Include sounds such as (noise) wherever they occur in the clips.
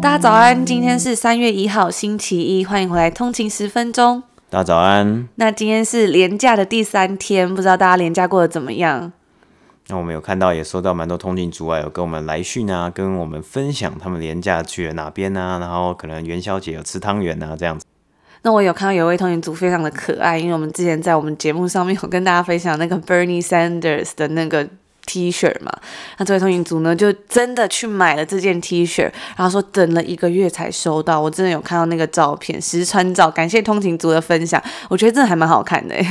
大家早安，今天是三月一號，星期一，歡迎回來通勤十分鐘。大家早安。那今天是連假的第三天，不知道大家連假過得怎麼樣？那我們有看到也收到蠻多通勤族啊，有跟我們來訊啊，跟我們分享他們連假去了哪邊啊，然後可能元宵節有吃湯圓啊這樣子。那我有看到有位通勤族非常的可愛，因為我們之前在我們節目上面有跟大家分享那個 Bernie Sanders 的那個。T 恤嘛，那這位通勤族呢，就真的去買了這件 T-shirt, 然後說等了一個月才收到。我真的有看到那個照片，實穿照，感謝通勤族的分享。我覺得真的還蠻好看的耶，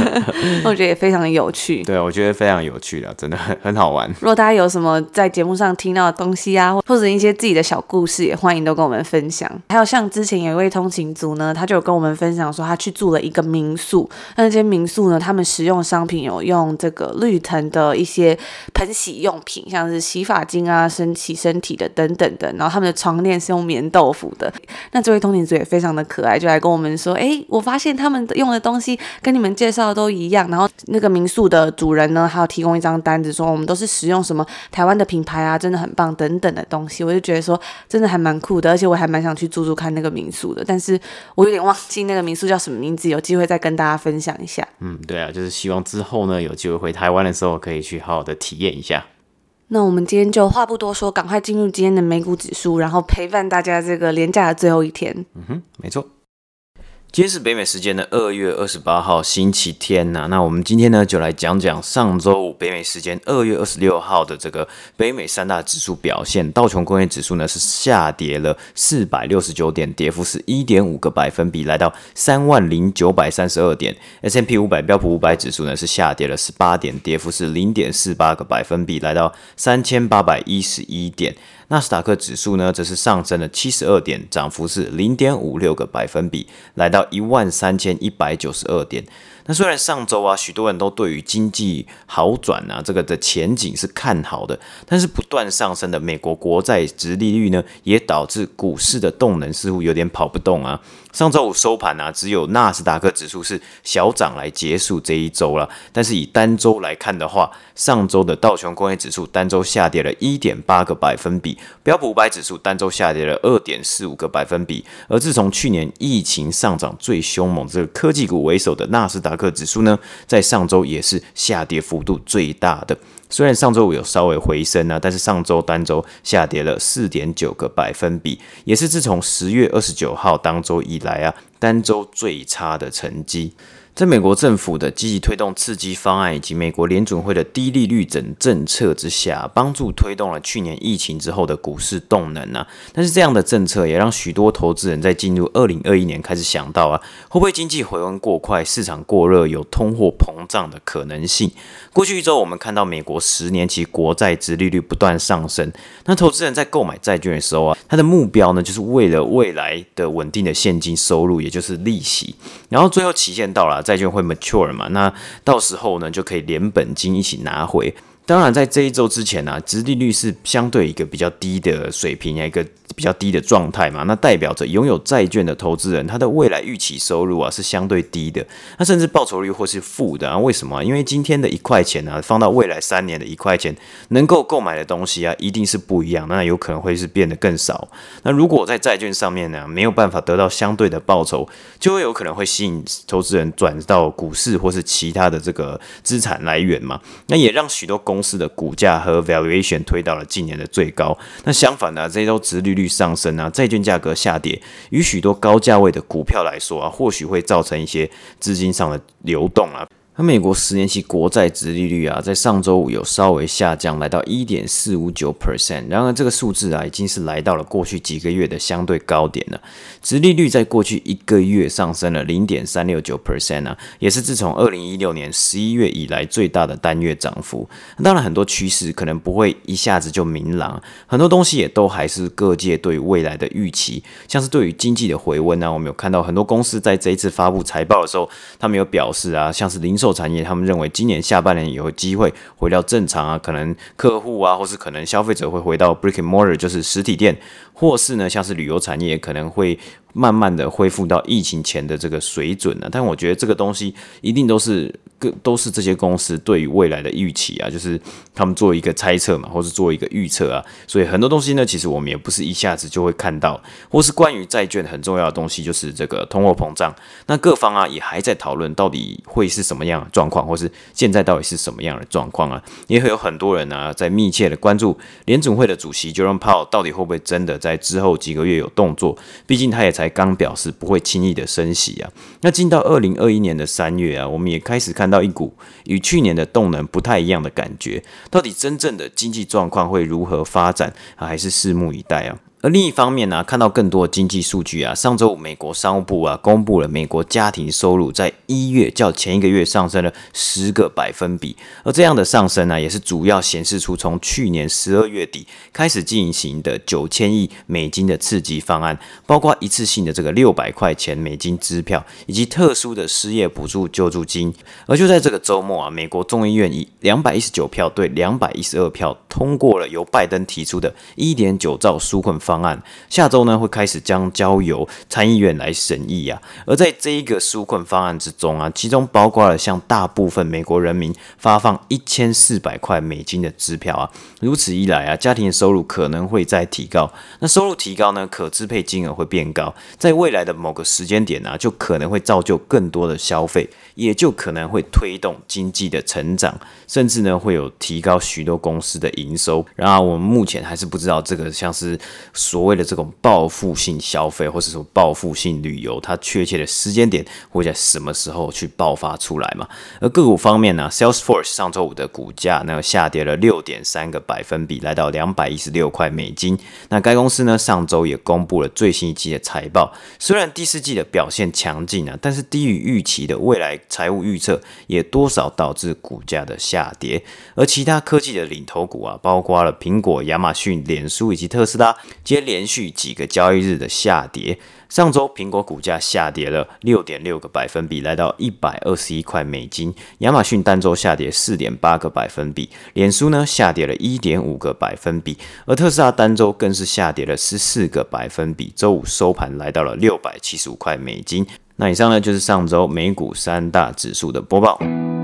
(laughs) 我覺得也非常的有趣。 (laughs) 對，我覺得非常有趣的，真的很很好玩。如果大家有什麼在節目上聽到的東西啊，或者一些自己的小故事，也歡迎都跟我們分享。還有像之前有一位通勤族呢，他就有跟我們分享說，他去住了一個民宿，那間民宿呢，他們使用商品有用這個綠藤的一些。盥洗用品，像是洗髮精啊、身洗身體的等等的，然後他們的床墊是用眠豆腐的。那這位通勤族也非常的可愛，就來跟我們說：“哎、欸，我發現他們用的東西跟你們介紹的都一樣。”然後那個民宿的主人呢，還有提供一張單子，說我們都是使用什麼台灣的品牌啊，真的很棒等等的東西。我就覺得說真的還蠻酷的，而且我還蠻想去住住看那個民宿的。但是我有點忘記那個民宿叫什麼名字，有機會再跟大家分享一下。嗯，對啊，就是希望之後呢，有機會回台灣的時候可以去好好。的體驗一下，那我們今天就話不多說，趕快進入今天的美股指數，然後陪伴大家這個連假的最後一天。嗯哼，沒錯。今天是北美時間的二月二十八號，星期天吶、啊。那我們今天呢，就來講講上周五北美時間二月二十六號的這個北美三大指數表現。道瓊工業指數呢是下跌了四百六十九點，跌幅是一點五個百分比，來到三萬零九百三十二點。S&P 五百標普五百指數呢是下跌了十八點，跌幅是零點四八個百分比，來到三千八百一十一點。納斯達克指數呢，則是上升了七十二點，漲幅是零點五六個百分比，來到一萬三千一百九十二點。那雖然上周啊，許多人都對於經濟好轉啊這個的前景是看好的，但是不斷上升的美國國債殖利率呢，也導致股市的動能似乎有點跑不動啊。上週五收盤呢，啊，只有納斯達克指數是小漲來結束這一週了。但是以單週來看的話，上週的道瓊工業指數單週下跌了一點八個百分比，標普五百指數單週下跌了二點四五個百分比。而自從去年疫情上漲最兇猛，這個科技股為首的納斯達克指數呢，在上週也是下跌幅度最大的。雖然上周五有稍微回升啊，但是上周單周下跌了四點九個百分比，也是自從十月二十九號當周以來啊，單周最差的成績。在美國政府的積極推動刺激方案以及美國聯準會的低利率等政策之下，幫助推動了去年疫情之後的股市動能啊。但是這樣的政策也讓許多投資人，在進入二零二一年開始想到啊，會不會經濟回溫過快，市場過熱，有通貨膨脹的可能性？過去一周，我們看到美國十年期國債殖利率不斷上升。那投資人在購買債券的時候啊，他的目標呢，就是為了未來的穩定的現金收入，也就是利息。然後最後期限到了、啊。債券會 mature 嘛，那到時候呢，就可以連本金一起拿回。當然，在這一周之前呢、啊，殖利率是相對一個比較低的水平一個，比較低的狀態嘛，那代表着擁有債券的投資人，他的未來預期收入啊是相對低的，那甚至報酬率或是負的啊？為什麼、啊？因為今天的一塊錢啊，放到未來三年的一塊錢，能夠購買的東西啊，一定是不一樣，那有可能會是變得更少。那如果在債券上面呢、啊，沒有辦法得到相對的報酬，就會有可能會吸引投資人轉到股市或是其他的這個資產來源嘛？那也讓許多公司的股價和 valuation 推到了近年的最高。那相反呢、啊，這些都殖利率上升啊，債券價格下跌，以許多高價位的股票來說啊，或許會造成一些資金上的流動啊。那美國十年期國債殖利率啊，在上週五有稍微下降，來到一點四五九 percent。然而，這個數字啊，已經是來到了過去幾個月的相對高點了。殖利率在過去一個月上升了零點三六九 percent 啊，也是自從二零一六年十一月以來最大的單月漲幅。當然，很多趨勢可能不會一下子就明朗，很多東西也都還是各界對未來的預期，像是對於經濟的回溫啊，我們有看到很多公司在這一次發布財報的時候，他們有表示啊，像是零售。產業，他們認為今年下半年有機會回到正常啊，可能客戶啊，或是可能消費者會回到 brick and mortar，就是實體店，或是呢，像是旅遊產業可能會。慢慢的恢復到疫情前的這個水準呢、啊，但我覺得這個東西一定都是各都是這些公司對於未來的預期啊，就是他們做一個猜測嘛，或是做一個預測啊，所以很多東西呢，其實我們也不是一下子就會看到，或是關於債券很重要的東西，就是這個通貨膨脹，那各方啊也還在討論到底會是什麼樣的狀況，或是現在到底是什麼樣的狀況啊，也會有很多人呢、啊、在密切的關注聯準會的主席 John p o w 到底會不會真的在之後幾個月有動作，畢竟他也。才剛表示不會輕易的升息啊，那進到二零二一年的三月啊，我們也開始看到一股與去年的動能不太一樣的感覺，到底真正的經濟狀況會如何發展啊，還是拭目以待啊。而另一方面呢、啊，看到更多經濟數據啊，上周五美國商務部啊公布了美國家庭收入在一月較前一個月上升了十個百分比，而這樣的上升呢、啊，也是主要顯示出從去年十二月底開始進行的九千億美金的刺激方案，包括一次性的這個六百塊錢美金支票以及特殊的失業補助救助金。而就在這個周末啊，美國眾議院以兩百一十九票對兩百一十二票通過了由拜登提出的一點九兆紓困法方案下週呢會開始將交由參議院來審議啊，而在這一個紓困方案之中啊，其中包括了向大部分美國人民發放一千四百塊美金的支票啊。如此一來啊，家庭收入可能會再提高，那收入提高呢，可支配金額會變高，在未來的某個時間點呢、啊，就可能會造就更多的消費，也就可能會推動經濟的成長，甚至呢會有提高許多公司的營收。然而，我們目前還是不知道這個像是。所謂的這種報復性消費，或是說報復性旅遊，它確切的時間點會在什麼時候去爆發出來嘛？而個股方面呢、啊、，Salesforce 上週五的股價呢下跌了六點三個百分比，來到兩百一十六塊美金。那該公司呢上週也公布了最新一期的財報，雖然第四季的表現強勁啊，但是低於預期的未來財務預測也多少導致股價的下跌。而其他科技的領頭股啊，包括了蘋果、亞馬遜、臉書以及特斯拉。接連續幾個交易日的下跌，上周蘋果股價下跌了六點六個百分比，來到一百二十一塊美金；亞馬遜單周下跌四點八個百分比，臉書呢下跌了一點五個百分比，而特斯拉單周更是下跌了十四個百分比，周五收盤來到了六百七十五塊美金。那以上呢就是上周美股三大指數的播報。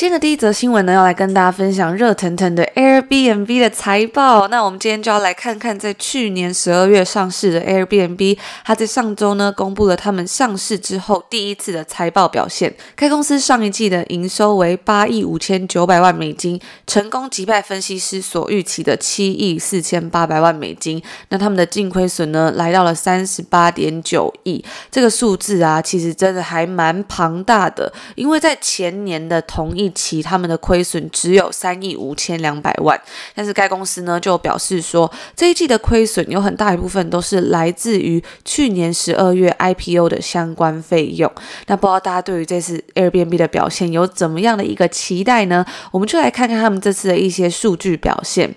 今天的第一則新聞呢，要來跟大家分享熱騰騰的 Airbnb 的財報。那我們今天就要來看看，在去年十二月上市的 Airbnb，它在上周呢公布了他們上市之後第一次的財報表現。該公司上一季的營收為八億五千九百萬美金，成功擊敗分析師所預期的七億四千八百萬美金。那他們的淨虧損呢，來到了三十八點九億。這個數字啊，其實真的還蠻龐大的，因為在前年的同一。其他們的虧損只有三億五千兩百萬，但是該公司呢就表示說，這一季的虧損有很大一部分都是來自於去年十二月 IPO 的相關費用。那不知道大家對於這次 Airbnb 的表現有怎麼樣的一個期待呢？我們就來看看他們這次的一些數據表現。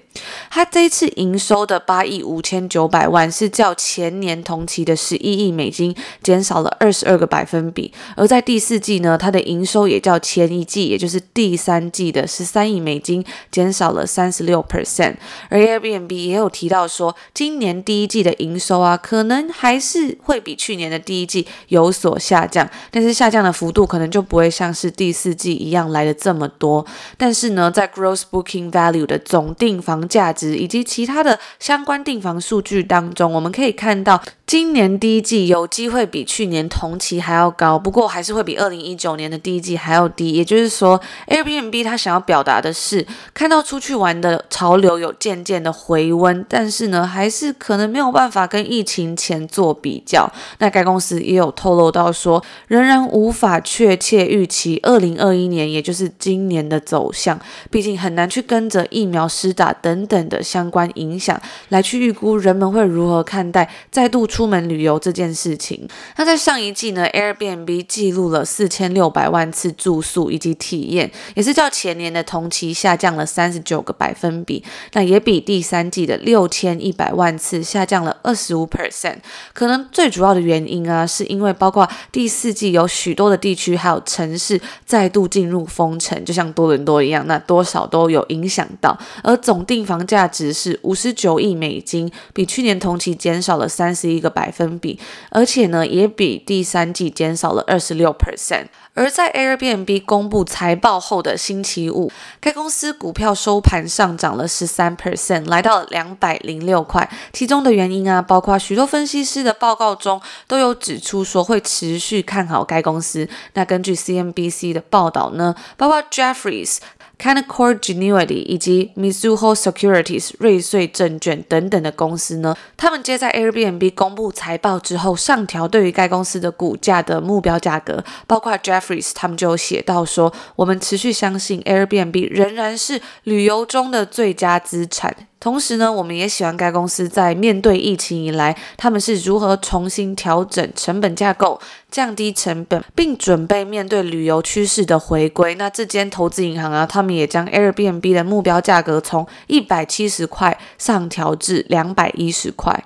它這一次營收的八億五千九百萬是較前年同期的十一億美金減少了二十二個百分比，而在第四季呢，它的營收也較前一季，也就是第三季的十三億美金減少了三十六 percent，而 Airbnb 也有提到說，今年第一季的營收啊，可能還是會比去年的第一季有所下降，但是下降的幅度可能就不會像是第四季一樣來的這麼多。但是呢，在 gross booking value 的總訂房價值以及其他的相關訂房數據當中，我們可以看到，今年第一季有機會比去年同期還要高，不過還是會比二零一九年的第一季還要低，也就是說，Airbnb 他想要表達的是，看到出去玩的潮流有漸漸的回溫，但是呢，還是可能沒有辦法跟疫情前做比較。那該公司也有透露到說，仍然無法確切預期2021年，也就是今年的走向。畢竟很難去跟着疫苗施打等等的相關影響來去預估人們會如何看待再度出門旅遊這件事情。那在上一季呢，Airbnb 記錄了4600萬次住宿以及體。也是較前年的同期下降了三十九個百分比，那也比第三季的六千一百萬次下降了二十五 percent。可能最主要的原因啊，是因為包括第四季有許多的地區還有城市再度進入封城，就像多倫多一樣，那多少都有影響到。而總訂房價值是五十九億美金，比去年同期減少了三十一個百分比，而且呢，也比第三季減少了二十六 percent。而在 Airbnb 公布財報後的星期五，該公司股票收盤上漲了十三 percent，來到兩百零六塊。其中的原因啊，包括許多分析師的報告中都有指出說會持續看好該公司。那根據 CNBC 的報道呢，包括 Jeffries。Canaccord Genuity 以及 Mizuho Securities 瑞穗證券等等的公司呢，他們皆在 Airbnb 公布財報之後上調對於該公司的股價的目標價格，包括 Jeffries 他們就有寫到說，我們持續相信 Airbnb 仍然是旅遊中的最佳資產。同時呢，我們也喜歡該公司在面對疫情以來，他們是如何重新調整成本架構，降低成本，並準備面對旅遊趨勢的回歸。那這間投資銀行啊，他們也將 Airbnb 的目標價格從一百七十塊上調至兩百一十塊。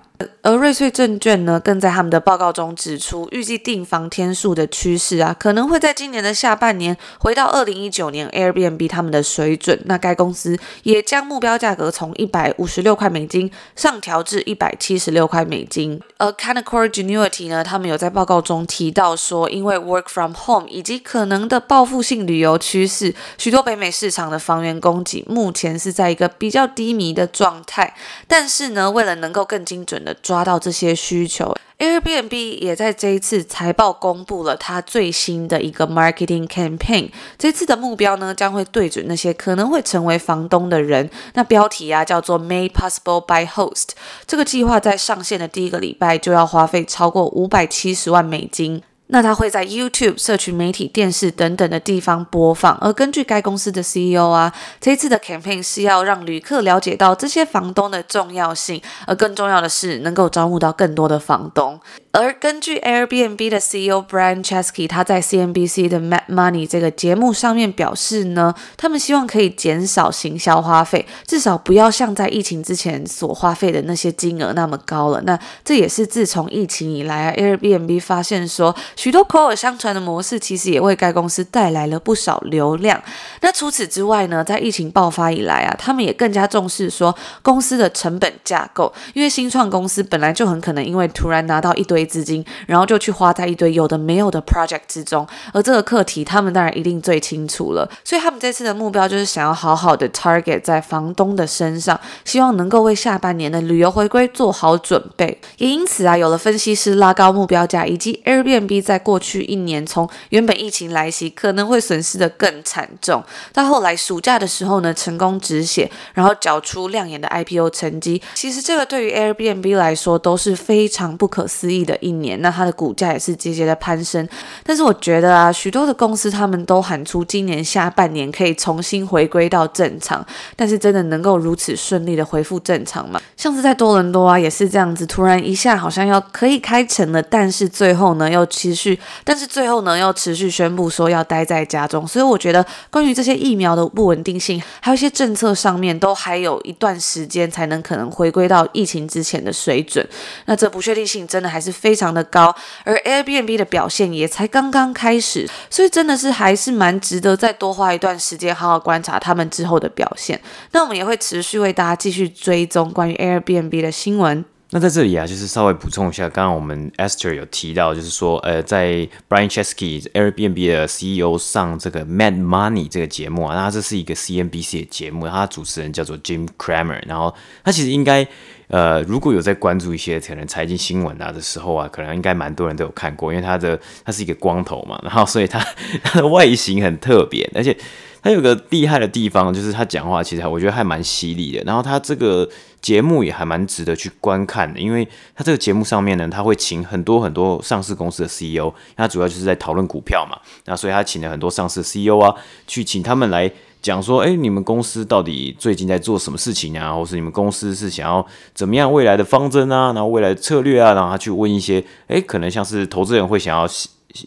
而瑞穗證券呢，更在他們的報告中指出，預計訂房天數的趨勢啊，可能會在今年的下半年回到2019年 Airbnb 他們的水準。那該公司也將目標價格從156塊美金上調至176塊美金。而 Canaccord Genuity 呢，他們有在報告中提到說，因為 Work from Home 以及可能的報復性旅遊趨勢，許多北美市場的房源供給目前是在一個比較低迷的狀態。但是呢，為了能夠更精準抓到這些需求，Airbnb 也在這一次財報公布了它最新的一個 marketing campaign。這次的目標呢，將會對準那些可能會成為房東的人。那標題啊叫做 Made Possible by Host。這個計劃在上線的第一個禮拜就要花費超過五百七十萬美金。那它會在 YouTube、社群媒體、電視等等的地方播放。而根據該公司的 CEO 啊，這一次的 campaign 是要讓旅客了解到這些房東的重要性，而更重要的是能夠招募到更多的房東。而根據 Airbnb 的 CEO Brian Chesky，他在 CNBC 的《Mad Money》這個節目上面表示呢，他們希望可以減少行銷花費，至少不要像在疫情之前所花費的那些金額那麼高了。那這也是自從疫情以來啊，Airbnb 發現說，許多口耳相傳的模式其實也為該公司帶來了不少流量。那除此之外呢，在疫情爆發以來啊，他們也更加重視說公司的成本架構，因為新創公司本來就很可能因為突然拿到一堆資金，然後就去花在一堆有的沒有的 project 之中，而這個課題他們當然一定最清楚了，所以他們這次的目標就是想要好好的 target 在房東的身上，希望能夠為下半年的旅遊回歸做好準備，也因此啊，有了分析師拉高目標價，以及 Airbnb 在過去一年從原本疫情來襲可能會損失的更慘重，到後來暑假的時候呢，成功止血，然後繳出亮眼的 IPO 成績，其實這個對於 Airbnb 來說都是非常不可思議的。的一年，那它的股價也是節節的攀升。但是我覺得啊，許多的公司他們都喊出今年下半年可以重新回歸到正常，但是真的能夠如此順利的恢復正常嗎？像是在多倫多啊，也是這樣子，突然一下好像要可以開城了，但是最後呢又持續，但是最後呢又持續宣布說要待在家中。所以我覺得，關於這些疫苗的不穩定性，還有一些政策上面，都還有一段時間才能可能回歸到疫情之前的水準。那這不確定性真的還是。非常的高，而 Airbnb 的表現也才剛剛開始，所以真的是還是蠻值得再多花一段時間好好觀察他們之後的表現。那我們也會持續為大家繼續追蹤關於 Airbnb 的新聞。那在這裡啊，就是稍微補充一下，剛剛我們 Esther 有提到，就是說，呃，在 Brian Chesky Airbnb 的 CEO 上這個 Mad Money 這個節目啊，那這是一個 CNBC 的節目，他的主持人叫做 Jim Cramer，然後他其實應該，呃，如果有在關注一些可能財經新聞啊的時候啊，可能應該蠻多人都有看過，因為他的他是一個光頭嘛，然後所以他他的外形很特別，而且他有個厲害的地方，就是他講話其實我覺得還蠻犀利的，然後他這個。節目也還蠻值得去觀看的，因為他這個節目上面呢，他會請很多很多上市公司的 CEO，他主要就是在討論股票嘛，那所以他請了很多上市 CEO 啊，去請他們來講說，哎，你們公司到底最近在做什麼事情啊，或是你們公司是想要怎麼樣未來的方針啊，然後未來的策略啊，然後他去問一些，哎，可能像是投資人會想要。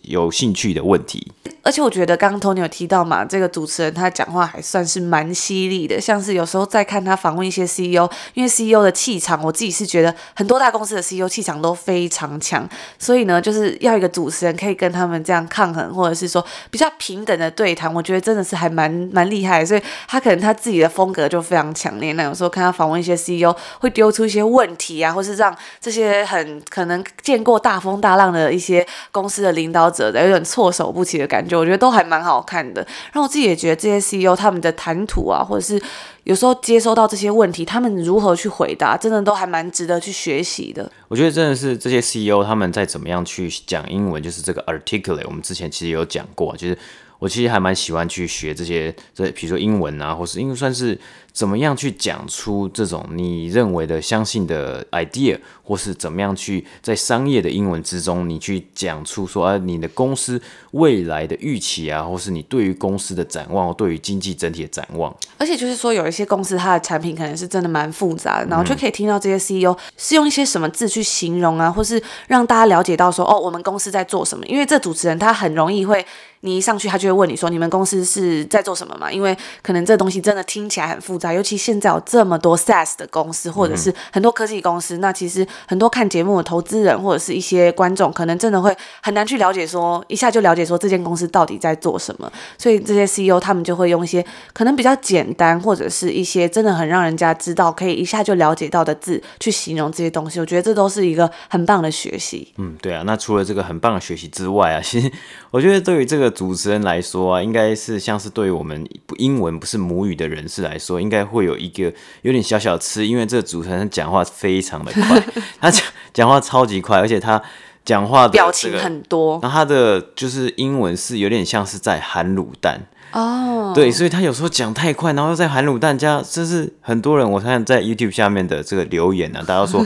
有興趣的問題，而且我覺得剛剛 Tony 有提到嘛，這個主持人他講話還算是蠻犀利的，像是有時候在看他訪問一些 CEO，因為 CEO 的氣場，我自己是覺得很多大公司的 CEO 氣場都非常強，所以呢，就是要一個主持人可以跟他們這樣抗衡，或者是說比較平等的對談，我覺得真的是還蠻蠻厲害，所以他可能他自己的風格就非常強烈，那有時候看他訪問一些 CEO，會丟出一些問題啊，或是讓這些很可能見過大風大浪的一些公司的領導。的有點措手不及的感覺，我覺得都還蠻好看的。然後我自己也覺得這些 CEO 他們的談吐啊，或者是有時候接收到這些問題，他們如何去回答，真的都還蠻值得去學習的。我覺得真的是這些 CEO 他們在怎麼樣去講英文，就是這個 articulate。我們之前其實有講過，就是我其實還蠻喜歡去學這些，這比如說英文啊，或是因為算是怎麼樣去講出這種你認為的相信的 idea。或是怎麼樣去在商業的英文之中，你去講出說啊，你的公司未來的預期啊，或是你對於公司的展望，對於經濟整體的展望。而且就是說，有一些公司它的產品可能是真的蠻複雜的，然後就可以聽到這些 CEO 是用一些什麼字去形容啊，嗯、或是讓大家了解到說，哦，我們公司在做什麼？因為這主持人他很容易會，你一上去他就會問你說，你們公司是在做什麼嘛？因為可能這東西真的聽起來很複雜，尤其現在有這麼多 SaaS 的公司，或者是很多科技公司，那其實。很多看節目的投資人或者是一些觀眾，可能真的會很難去了解，說一下就了解說這間公司到底在做什麼。所以這些 CEO 他們就會用一些可能比較簡單，或者是一些真的很讓人家知道，可以一下就了解到的字去形容這些東西。我覺得這都是一個很棒的學習。嗯，對啊。那除了這個很棒的學習之外啊，其實我覺得對於這個主持人來說啊，應該是像是對於我們不英文不是母語的人士來說，應該會有一個有點小小吃，因為這個主持人講話非常的快。 (laughs) 他講講話超級快，而且他講話的、這個、表情很多。然後他的就是英文是有點像是在含滷蛋。哦，oh, 對，所以他有時候講太快，然後又在喊滷蛋家，家就是很多人，我看在 YouTube 下面的這個留言啊，大家都說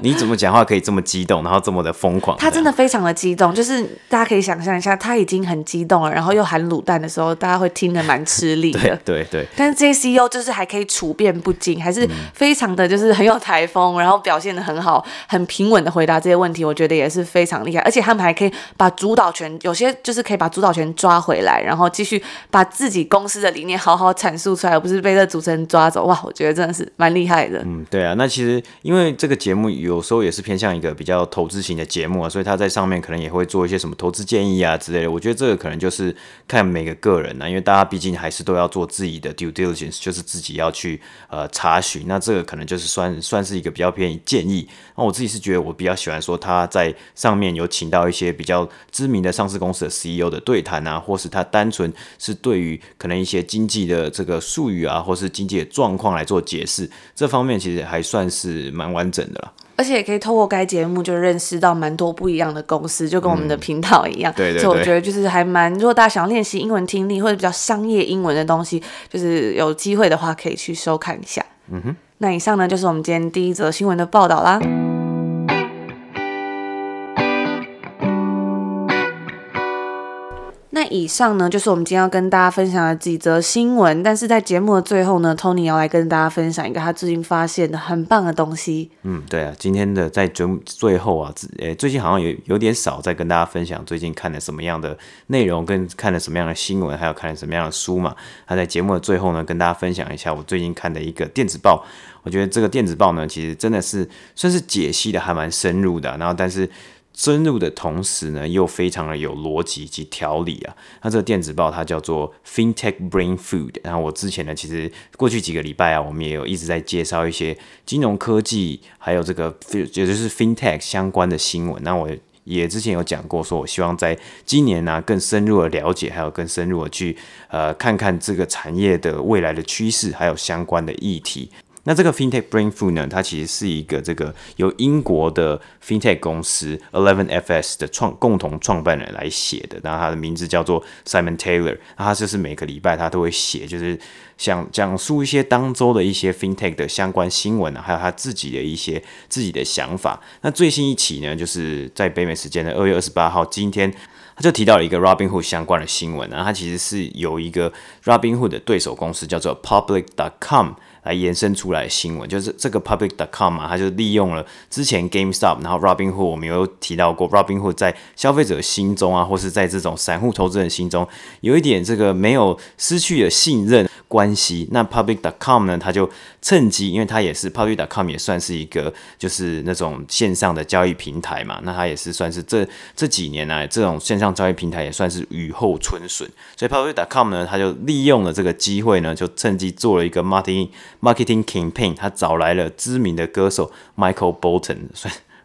(laughs) 你怎麼講話可以這麼激動，然後這麼的瘋狂？他真的非常的激動，就是大家可以想象一下，他已經很激動了，然後又喊滷蛋的時候，大家會聽得蠻吃力的。對對 (laughs) 對。對對，但是這些 CEO 就是還可以處變不驚，還是非常的就是很有台風，然後表現得很好，很平穩的回答這些問題，我覺得也是非常厲害。而且他們還可以把主導權，有些就是可以把主導權抓回來，然後繼續。把自己公司的理念好好闡述出來，而不是被這主持人抓走。哇，我覺得真的是蠻厲害的。嗯，對啊。那其實因為這個節目有時候也是偏向一個比較投資型的節目啊，所以他在上面可能也會做一些什麼投資建議啊之類的。我覺得這個可能就是看每個個人吶啊，因為大家畢竟還是都要做自己的 due diligence，就是自己要去呃查詢。那這個可能就是算算是一個比較偏建議。那我自己是覺得我比較喜歡說他在上面有請到一些比較知名的上市公司的 CEO 的對談啊，或是他單純是。對於可能一些經濟的這個術語啊，或是經濟的狀況來做解釋，這方面其實還算是蠻完整的啦。而且也可以透過該節目就認識到蠻多不一樣的公司，就跟我們的頻道一樣。嗯，對對對。所以我覺得就是還蠻，如果大家想要練習英文聽力或者比較商業英文的東西，就是有機會的話可以去收看一下。嗯哼。那以上呢就是我們今天第一則新聞的報道啦。以上呢就是我們今天要跟大家分享的幾則新聞，但是在節目的最後呢，Tony 要來跟大家分享一個他最近發現的很棒的東西。嗯，對啊，今天的在節目最後啊，呃，最近好像有有點少在跟大家分享最近看了什麼樣的內容，跟看了什麼樣的新聞，還有看了什麼樣的書嘛。他在節目的最後呢，跟大家分享一下我最近看的一個電子報。我覺得這個電子報呢，其實真的是算是解析的還蠻深入的。然後，但是。深入的同時呢，又非常的有邏輯及條理啊。那這個電子報它叫做 FinTech Brain Food。然後我之前呢，其實過去幾個禮拜啊，我們也有一直在介紹一些金融科技，還有這個 FinTech，也就是 FinTech 相關的新聞。那我也之前有講過，說我希望在今年呢，啊，更深入的了解，還有更深入的去呃看看這個產業的未來的趨勢，還有相關的議題。那這個 FinTech Brain Food 呢，它其實是一個這個由英國的 FinTech 公司 Eleven FS 的創共同創辦人來寫的。然後他的名字叫做 Simon Taylor。他就是每個禮拜他都會寫，就是想講述一些當週的一些 FinTech 的相關新聞，還有他自己的一些自己的想法。那最新一期呢，就是在北美時間的二月二十八號，今天他就提到了一個 Robinhood 相關的新聞。然後他其實是由一個 Robinhood 的對手公司叫做 Public.com。來延伸出來的新聞，就是這個 public.com 嘛，它就利用了之前 GameStop，然後 Robinhood 我們有提到過，Robinhood 在消費者心中啊，或是在這種散戶投資人心中，有一點這個沒有失去的信任。關係，那 public dot com 呢，他就趁機，因為他也是 public dot com 也算是一個，就是那種線上的交易平台嘛，那他也是算是這這幾年來、啊、這種線上交易平台也算是雨後春筍，所以 public dot com 呢，他就利用了這個機會呢，就趁機做了一個 marketing marketing campaign，他找來了知名的歌手 Michael Bolton。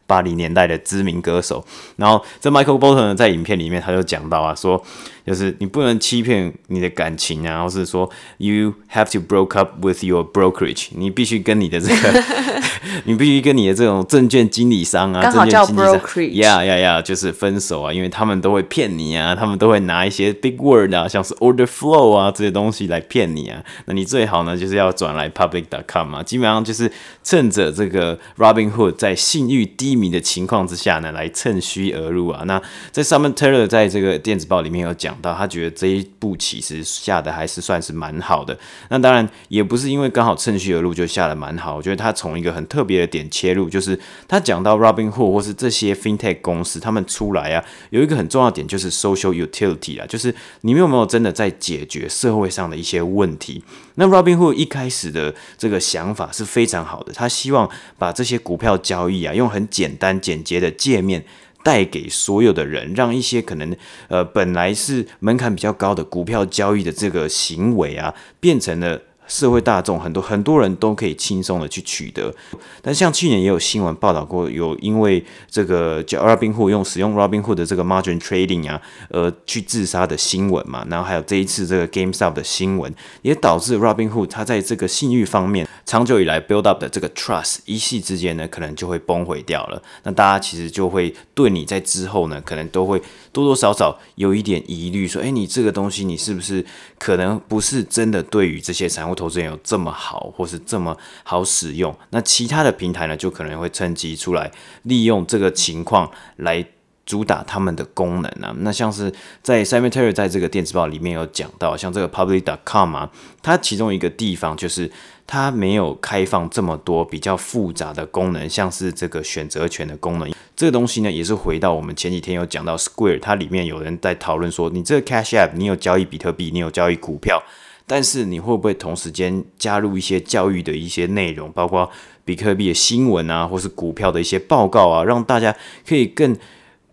八零年代的知名歌手，然後這 Michael Bolton 呢，在影片裡面他就講到啊，說就是你不能欺騙你的感情啊，或是說 You have to broke up with your brokerage，你必須跟你的這個， (laughs) 你必須跟你的這種證券經理商啊，剛好叫證券經紀商 Brokerage Yeah，yeah，yeah，就是分手啊，因為他們都會騙你啊，他們都會拿一些 big word 啊，像是 order flow 啊這些東西來騙你啊，那你最好呢就是要轉來 Public.com 嘛、啊，基本上就是趁着這個 Robinhood 在信譽低。米的情況之下呢，來趁虛而入啊。那在 Simon Taylor 在這個電子報裡面有講到，他覺得這一步其實下的還是算是蠻好的。那當然也不是因為剛好趁虛而入就下的蠻好，我覺得他從一個很特別的點切入，就是他講到 Robinhood 或是這些 FinTech 公司，他們出來啊，有一個很重要的點就是 Social Utility 啊，就是你們有沒有真的在解決社會上的一些問題？那 Robinhood 一開始的這個想法是非常好的，他希望把這些股票交易啊，用很簡簡單簡潔的界面帶給所有的人，讓一些可能呃本來是門檻比較高的股票交易的這個行為啊，變成了。社會大眾很多很多人都可以輕鬆的去取得，但像去年也有新聞報道過，有因為這個叫 Robinhood 用使用 Robinhood 的這個 margin trading 啊，而去自殺的新聞嘛，然後還有這一次這個 GameStop 的新聞，也導致 Robinhood 它在這個信譽方面長久以來 build up 的這個 trust 一夕之間，呢，可能就會崩毀掉了，那大家其實就會對你在之後呢，可能都會。多多少少有一點疑慮，說：“誒，你這個東西，你是不是可能不是真的？對於這些財務投資人有這麼好，或是這麼好使用？那其他的平台呢，就可能會趁機出來利用這個情況來。”主打他們的功能啊，那像是在 Simon Taylor 在這個電子報裡面有講到，像這個 Public dot com 啊，它其中一個地方就是它沒有開放這麼多比較複雜的功能，像是這個選擇權的功能。這個東西呢，也是回到我們前幾天有講到 Square，它裡面有人在討論說，你這個 Cash App 你有交易比特幣，你有交易股票，但是你會不會同時間加入一些教育的一些內容，包括比特幣的新聞啊，或是股票的一些報告啊，讓大家可以更。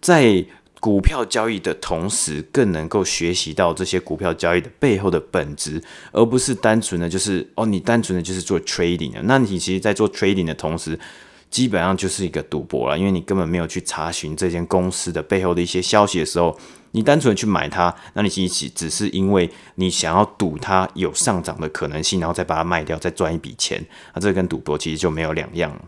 在股票交易的同時，更能夠學習到這些股票交易的背後的本質，而不是單純的就是哦，你單純的就是做 trading 的，那你其實，在做 trading 的同時，基本上就是一個賭博了，因為你根本沒有去查詢這間公司的背後的一些消息的時候，你單純的去買它，那你其實只是因為你想要賭它有上漲的可能性，然後再把它賣掉，再賺一筆錢，那，啊，這跟賭博其實就沒有兩樣了。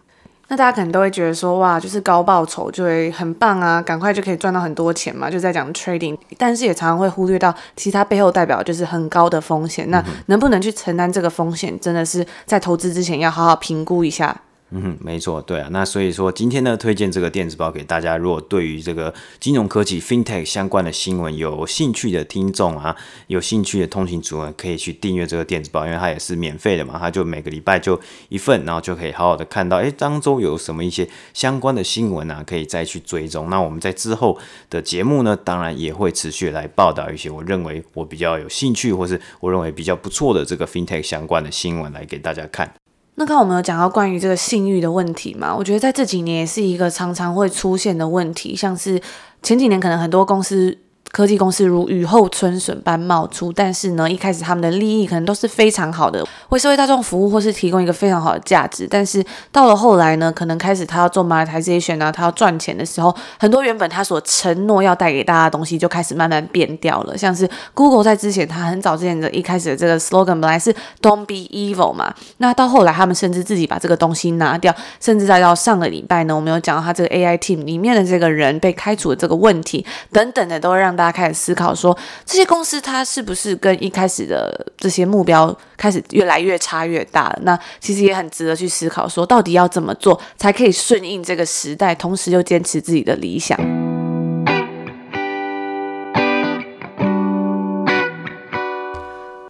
那大家可能都會覺得說，哇，就是高報酬就會很棒啊，趕快就可以賺到很多錢嘛，就在講 trading，但是也常常會忽略到，其實它背後代表就是很高的風險。那能不能去承擔這個風險，真的是在投資之前要好好評估一下。嗯，沒錯，對啊，那所以說今天呢，推薦這個電子報給大家。如果對於這個金融科技 （FinTech） 相關的新聞有興趣的聽眾啊，有興趣的通勤族呢，可以去訂閱這個電子報，因為它也是免費的嘛。它就每個禮拜就一份，然後就可以好好的看到，哎，當週有什麼一些相關的新聞啊，可以再去追蹤。那我們在之後的節目呢，當然也會持續來報道一些我認為我比較有興趣，或是我認為比較不錯的這個 FinTech 相關的新聞來給大家看。那剛剛我們有講到關於這個信譽的問題嘛，我覺得在這幾年也是一個常常會出現的問題，像是前幾年可能很多公司，科技公司如雨後春筍般冒出，但是呢，一開始他們的立意可能都是非常好的，為社會大眾服務或是提供一個非常好的價值。但是到了後來呢，可能開始他要做 monetization 啊，他要賺錢的時候，很多原本他所承諾要帶給大家的東西就開始慢慢變掉了。像是 Google 在之前，他很早之前的一開始的這個 slogan 本來是 Don't Be Evil 嘛，那到後來他們甚至自己把這個東西拿掉，甚至再到上個禮拜呢，我們有講到他這個 AI team 裡面的這個人被開除的這個問題，等等的都讓。大家開始思考說，說這些公司它是不是跟一開始的這些目標開始越來越差越大？那其實也很值得去思考說，說到底要怎麼做才可以順應這個時代，同時又堅持自己的理想。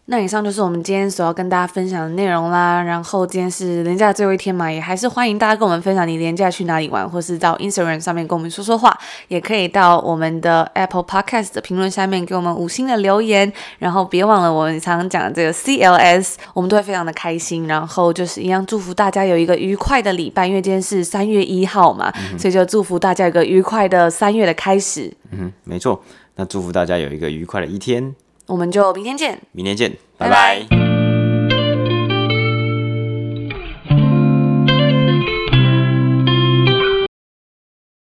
那以上就是我們今天所要跟大家分享的內容啦。然後今天是連假的最後一天嘛，也還是歡迎大家跟我們分享你連假去哪裡玩，或是到 Instagram 上面跟我們說說話，也可以到我們的 Apple Podcast 的評論下面給我們五星的留言。然後別忘了我們常常講的這個 CLS，我們都會非常的開心。然後就是一樣祝福大家有一個愉快的禮拜，因為今天是三月一號嘛，嗯、哼所以就祝福大家有一個愉快的三月的開始。嗯，沒錯。那祝福大家有一個愉快的一天。我們就明天見，明天見，拜拜。